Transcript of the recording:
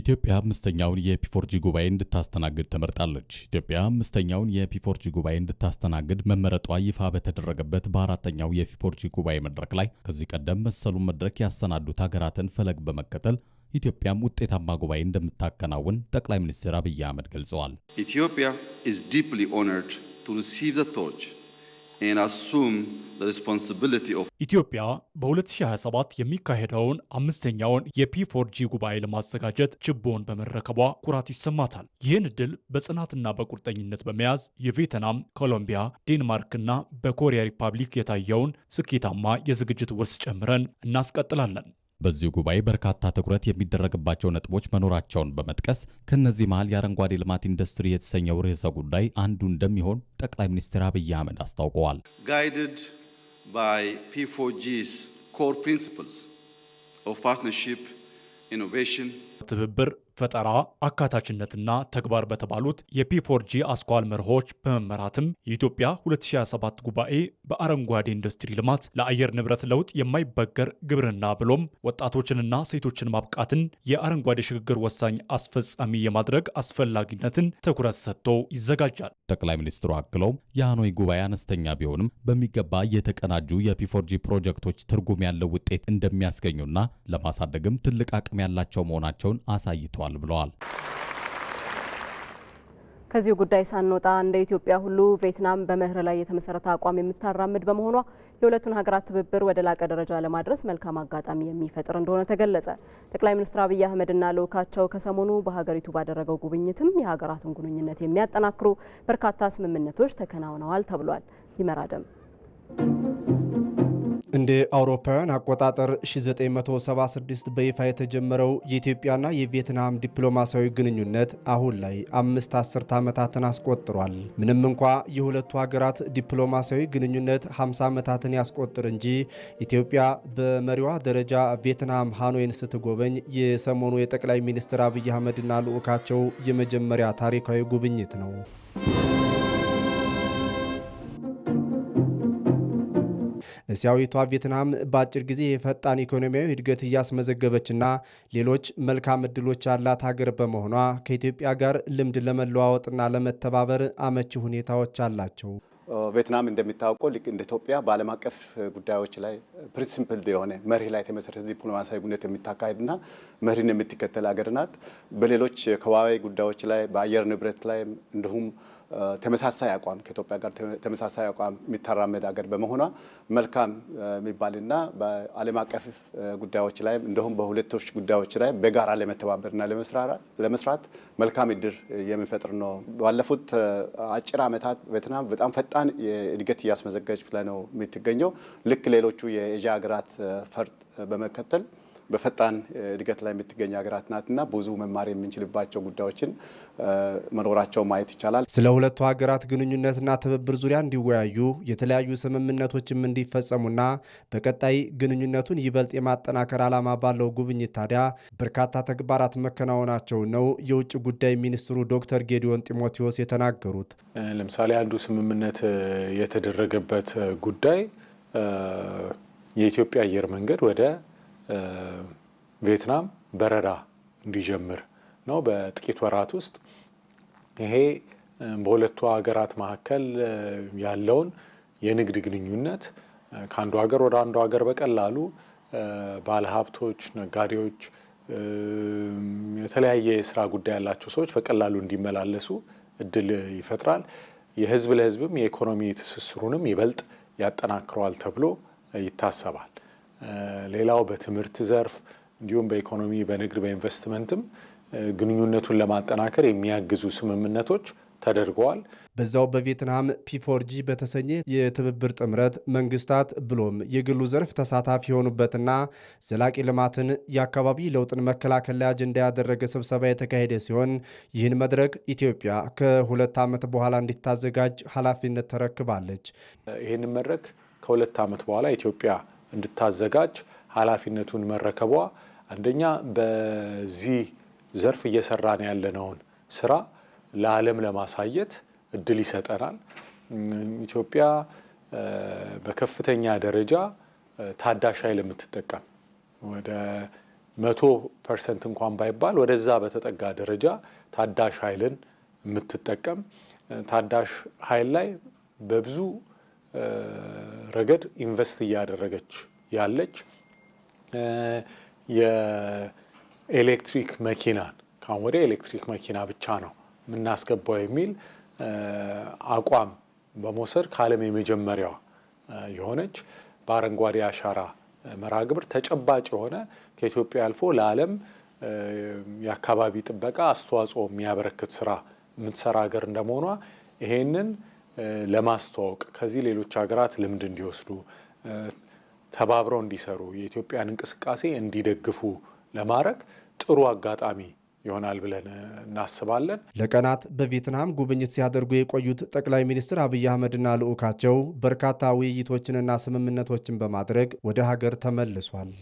ኢትዮጵያ አምስተኛውን የፒፎርጂ ጉባኤ እንድታስተናግድ ተመርጣለች። ኢትዮጵያ አምስተኛውን የፒፎርጂ ጉባኤ እንድታስተናግድ መመረጧ ይፋ በተደረገበት በአራተኛው የፒፎርጂ ጉባኤ መድረክ ላይ ከዚህ ቀደም መሰሉን መድረክ ያሰናዱት ሀገራትን ፈለግ በመከተል ኢትዮጵያም ውጤታማ ጉባኤ እንደምታከናውን ጠቅላይ ሚኒስትር አብይ አህመድ ገልጸዋል። ኢትዮጵያ ኢዝ ዲፕሊ ኦነርድ ቱ ሪሲቭ ዘ ኢትዮጵያ በ2027 የሚካሄደውን አምስተኛውን የፒ4ጂ ጉባኤ ለማዘጋጀት ችቦውን በመረከቧ ኩራት ይሰማታል። ይህን እድል በጽናትና በቁርጠኝነት በመያዝ የቬትናም፣ ኮሎምቢያ፣ ዴንማርክና በኮሪያ ሪፐብሊክ የታየውን ስኬታማ የዝግጅት ውርስ ጨምረን እናስቀጥላለን። በዚሁ ጉባኤ በርካታ ትኩረት የሚደረግባቸው ነጥቦች መኖራቸውን በመጥቀስ ከእነዚህ መሃል የአረንጓዴ ልማት ኢንዱስትሪ የተሰኘው ርዕሰ ጉዳይ አንዱ እንደሚሆን ጠቅላይ ሚኒስትር አብይ አህመድ አስታውቀዋል። ጋይድድ ባይ ፒ4ጂስ ኮር ፕሪንሲፕልስ ኦፍ ፓርትነርሺፕ ኢኖቬሽን ትብብር፣ ፈጠራ፣ አካታችነትና ተግባር በተባሉት የፒ4ጂ አስኳል መርሆች በመመራትም የኢትዮጵያ 2027 ጉባኤ በአረንጓዴ ኢንዱስትሪ ልማት ለአየር ንብረት ለውጥ የማይበገር ግብርና ብሎም ወጣቶችንና ሴቶችን ማብቃትን የአረንጓዴ ሽግግር ወሳኝ አስፈጻሚ የማድረግ አስፈላጊነትን ትኩረት ሰጥቶ ይዘጋጃል። ጠቅላይ ሚኒስትሩ አክለው የሃኖይ ጉባኤ አነስተኛ ቢሆንም በሚገባ የተቀናጁ የፒፎርጂ ፕሮጀክቶች ትርጉም ያለው ውጤት እንደሚያስገኙና ለማሳደግም ትልቅ አቅም ያላቸው መሆናቸው መሆናቸውን አሳይተዋል ብለዋል። ከዚሁ ጉዳይ ሳንወጣ እንደ ኢትዮጵያ ሁሉ ቬትናም በመርህ ላይ የተመሰረተ አቋም የምታራምድ በመሆኗ የሁለቱን ሀገራት ትብብር ወደ ላቀ ደረጃ ለማድረስ መልካም አጋጣሚ የሚፈጥር እንደሆነ ተገለጸ። ጠቅላይ ሚኒስትር አብይ አህመድና ልዑካቸው ከሰሞኑ በሀገሪቱ ባደረገው ጉብኝትም የሀገራቱን ግንኙነት የሚያጠናክሩ በርካታ ስምምነቶች ተከናውነዋል ተብሏል። ይመራደም እንደ አውሮፓውያን አቆጣጠር 1976 በይፋ የተጀመረው የኢትዮጵያና የቪየትናም ዲፕሎማሲያዊ ግንኙነት አሁን ላይ አምስት አስርት ዓመታትን አስቆጥሯል። ምንም እንኳ የሁለቱ ሀገራት ዲፕሎማሲያዊ ግንኙነት 50 ዓመታትን ያስቆጥር እንጂ ኢትዮጵያ በመሪዋ ደረጃ ቪየትናም ሃኖይን ስትጎበኝ የሰሞኑ የጠቅላይ ሚኒስትር አብይ አህመድና ልዑካቸው የመጀመሪያ ታሪካዊ ጉብኝት ነው። እስያዊቷ ቪየትናም በአጭር ጊዜ የፈጣን ኢኮኖሚያዊ እድገት እያስመዘገበችና ሌሎች መልካም እድሎች ያላት ሀገር በመሆኗ ከኢትዮጵያ ጋር ልምድ ለመለዋወጥና ለመተባበር አመቺ ሁኔታዎች አላቸው። ቪየትናም እንደሚታወቀው ልክ እንደ ኢትዮጵያ በዓለም አቀፍ ጉዳዮች ላይ ፕሪንሲፕል የሆነ መርህ ላይ የተመሰረተ ዲፕሎማሲያዊ ግንኙነት የምታካሄድና መርህን የምትከተል ሀገር ናት። በሌሎች ከባቢ ጉዳዮች ላይ በአየር ንብረት ላይ እንዲሁም ተመሳሳይ አቋም ከኢትዮጵያ ጋር ተመሳሳይ አቋም የሚተራመድ ሀገር በመሆኗ መልካም የሚባልና በዓለም አቀፍ ጉዳዮች ላይ እንደሁም በሁለቶች ጉዳዮች ላይ በጋራ ለመተባበርና ለመስራት መልካም እድር የሚፈጥር ነው። ባለፉት አጭር ዓመታት ቬትናም በጣም ፈጣን የእድገት ብለ ነው የምትገኘው። ልክ ሌሎቹ የኤዥያ ሀገራት ፈርጥ በመከተል በፈጣን እድገት ላይ የምትገኝ ሀገራት ናትና ብዙ መማር የምንችልባቸው ጉዳዮችን መኖራቸው ማየት ይቻላል። ስለ ሁለቱ ሀገራት ግንኙነትና ትብብር ዙሪያ እንዲወያዩ የተለያዩ ስምምነቶችም እንዲፈጸሙና በቀጣይ ግንኙነቱን ይበልጥ የማጠናከር ዓላማ ባለው ጉብኝት ታዲያ በርካታ ተግባራት መከናወናቸው ነው የውጭ ጉዳይ ሚኒስትሩ ዶክተር ጌዲዮን ጢሞቴዎስ የተናገሩት። ለምሳሌ አንዱ ስምምነት የተደረገበት ጉዳይ የኢትዮጵያ አየር መንገድ ወደ ቪየትናም በረራ እንዲጀምር ነው በጥቂት ወራት ውስጥ። ይሄ በሁለቱ ሀገራት መካከል ያለውን የንግድ ግንኙነት ከአንዱ ሀገር ወደ አንዱ ሀገር በቀላሉ ባለሀብቶች፣ ነጋዴዎች፣ የተለያየ የስራ ጉዳይ ያላቸው ሰዎች በቀላሉ እንዲመላለሱ እድል ይፈጥራል። የህዝብ ለህዝብም የኢኮኖሚ ትስስሩንም ይበልጥ ያጠናክረዋል ተብሎ ይታሰባል። ሌላው በትምህርት ዘርፍ እንዲሁም በኢኮኖሚ፣ በንግድ፣ በኢንቨስትመንትም ግንኙነቱን ለማጠናከር የሚያግዙ ስምምነቶች ተደርገዋል። በዛው በቪየትናም ፒፎርጂ በተሰኘ የትብብር ጥምረት መንግስታት ብሎም የግሉ ዘርፍ ተሳታፊ የሆኑበትና ዘላቂ ልማትን የአካባቢ ለውጥን መከላከል ላይ አጀንዳ ያደረገ ስብሰባ የተካሄደ ሲሆን ይህን መድረክ ኢትዮጵያ ከሁለት ዓመት በኋላ እንዲታዘጋጅ ኃላፊነት ተረክባለች። ይህን መድረክ ከሁለት ዓመት በኋላ ኢትዮጵያ እንድታዘጋጅ ኃላፊነቱን መረከቧ አንደኛ በዚህ ዘርፍ እየሰራን ያለነውን ስራ ለዓለም ለማሳየት እድል ይሰጠናል። ኢትዮጵያ በከፍተኛ ደረጃ ታዳሽ ኃይል የምትጠቀም ወደ መቶ ፐርሰንት እንኳን ባይባል ወደዛ በተጠጋ ደረጃ ታዳሽ ኃይልን የምትጠቀም ታዳሽ ኃይል ላይ በብዙ ረገድ ኢንቨስት እያደረገች ያለች የኤሌክትሪክ መኪናን ካሁን ወደ ኤሌክትሪክ መኪና ብቻ ነው የምናስገባው የሚል አቋም በመውሰድ ከዓለም የመጀመሪያዋ የሆነች በአረንጓዴ አሻራ መራግብር ተጨባጭ የሆነ ከኢትዮጵያ አልፎ ለዓለም የአካባቢ ጥበቃ አስተዋጽኦ የሚያበረክት ስራ የምትሰራ ሀገር እንደመሆኗ ይሄንን ለማስተዋወቅ ከዚህ ሌሎች ሀገራት ልምድ እንዲወስዱ ተባብረው እንዲሰሩ የኢትዮጵያን እንቅስቃሴ እንዲደግፉ ለማድረግ ጥሩ አጋጣሚ ይሆናል ብለን እናስባለን። ለቀናት በቪየትናም ጉብኝት ሲያደርጉ የቆዩት ጠቅላይ ሚኒስትር አብይ አህመድና ልዑካቸው በርካታ ውይይቶችንና ስምምነቶችን በማድረግ ወደ ሀገር ተመልሷል።